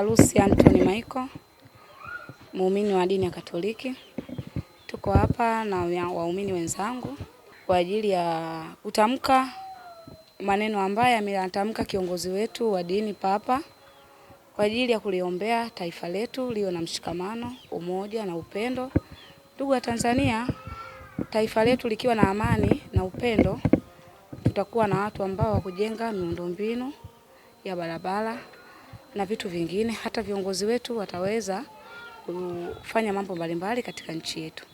Lucy Anthony Michael, muumini wa dini ya Katoliki. Tuko hapa na waumini wenzangu kwa ajili ya kutamka maneno ambayo ameyatamka kiongozi wetu wa dini Papa kwa ajili ya kuliombea taifa letu liwe na mshikamano, umoja na upendo. Ndugu wa Tanzania, taifa letu likiwa na amani na upendo, tutakuwa na watu ambao wa kujenga miundombinu ya barabara na vitu vingine. Hata viongozi wetu wataweza kufanya mambo mbalimbali katika nchi yetu.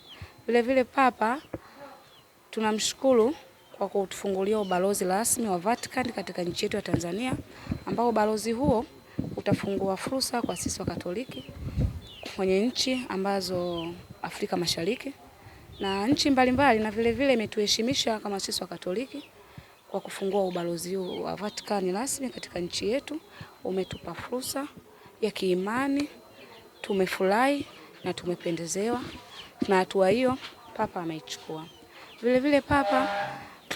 Vilevile Papa tunamshukuru kwa kutufungulia ubalozi rasmi wa Vatican katika nchi yetu ya Tanzania, ambao ubalozi huo utafungua fursa kwa sisi wa Katoliki kwenye nchi ambazo Afrika Mashariki na nchi mbalimbali, na vilevile imetuheshimisha kama sisi wa Katoliki kwa kufungua ubalozi huu wa Vatikani rasmi katika nchi yetu. Umetupa fursa ya kiimani, tumefurahi na tumependezewa na hatua hiyo Papa ameichukua. Vilevile Papa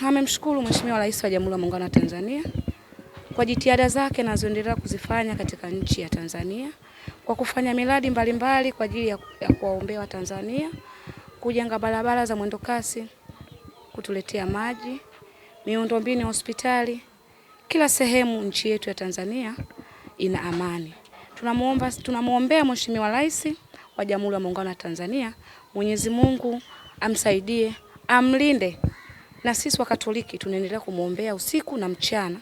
amemshukuru Mheshimiwa Rais wa Jamhuri ya Muungano wa Tanzania kwa jitihada zake nazoendelea kuzifanya katika nchi ya Tanzania kwa kufanya miradi mbalimbali kwa ajili ya kuwaombea tanzania kujenga barabara za mwendokasi, kutuletea maji miundombinu ya hospitali, kila sehemu nchi yetu ya Tanzania ina amani. Tunamuomba, tunamwombea Mheshimiwa Rais wa Jamhuri ya Muungano wa Tanzania, Mwenyezi Mungu amsaidie, amlinde, na sisi wa Katoliki tunaendelea kumwombea usiku na mchana.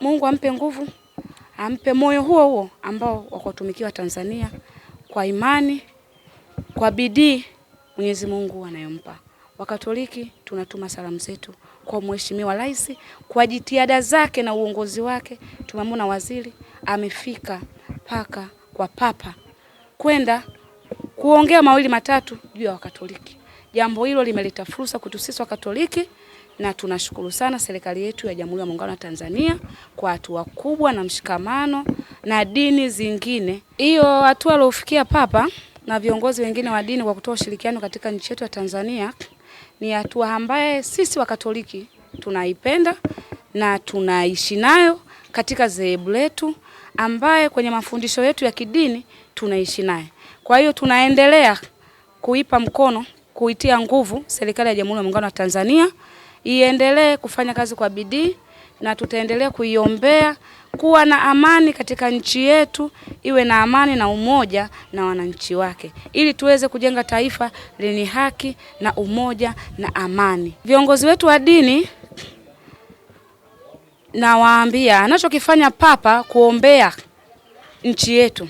Mungu ampe nguvu, ampe moyo huo huo ambao wakuwatumikia Tanzania kwa imani, kwa bidii Mwenyezi Mungu anayompa. Wakatoliki tunatuma salamu zetu kwa Mheshimiwa Rais kwa jitihada zake na uongozi wake. Tumemwona waziri amefika mpaka kwa Papa kwenda kuongea mawili matatu juu ya Wakatoliki. Jambo hilo limeleta fursa kwetu sisi Wakatoliki na tunashukuru sana serikali yetu ya Jamhuri ya Muungano wa Tanzania kwa hatua kubwa na mshikamano na dini zingine. Hiyo hatua aliofikia Papa na viongozi wengine wa dini kwa kutoa ushirikiano katika nchi yetu ya Tanzania ni hatua ambaye sisi Wakatoliki tunaipenda na tunaishi nayo katika dhehebu letu, ambaye kwenye mafundisho yetu ya kidini tunaishi naye. Kwa hiyo tunaendelea kuipa mkono, kuitia nguvu serikali ya Jamhuri ya Muungano wa Tanzania iendelee kufanya kazi kwa bidii na tutaendelea kuiombea kuwa na amani katika nchi yetu, iwe na amani na umoja na wananchi wake, ili tuweze kujenga taifa lenye haki na umoja na amani. Viongozi wetu wa dini nawaambia, anachokifanya Papa kuombea nchi yetu,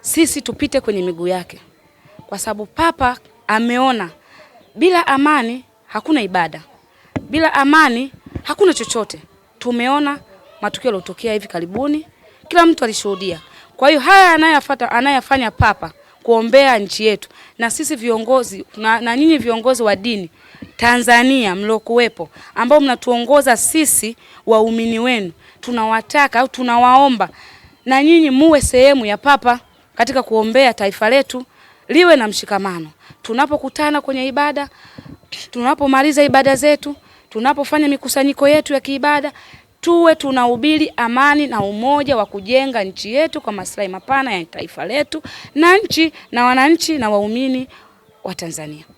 sisi tupite kwenye miguu yake, kwa sababu Papa ameona bila amani hakuna ibada, bila amani hakuna chochote tumeona matukio yaliyotokea hivi karibuni, kila mtu alishuhudia. Kwa hiyo haya anayafata, anayafanya papa kuombea nchi yetu, na sisi viongozi na, na nyinyi viongozi wa dini Tanzania mliokuwepo, ambao mnatuongoza sisi waumini wenu, tunawataka au tunawaomba na nyinyi muwe sehemu ya papa katika kuombea taifa letu liwe na mshikamano. Tunapokutana kwenye ibada, tunapomaliza ibada zetu tunapofanya mikusanyiko yetu ya kiibada tuwe tunahubiri amani na umoja wa kujenga nchi yetu kwa maslahi mapana ya taifa letu na nchi na wananchi na waumini wa Tanzania.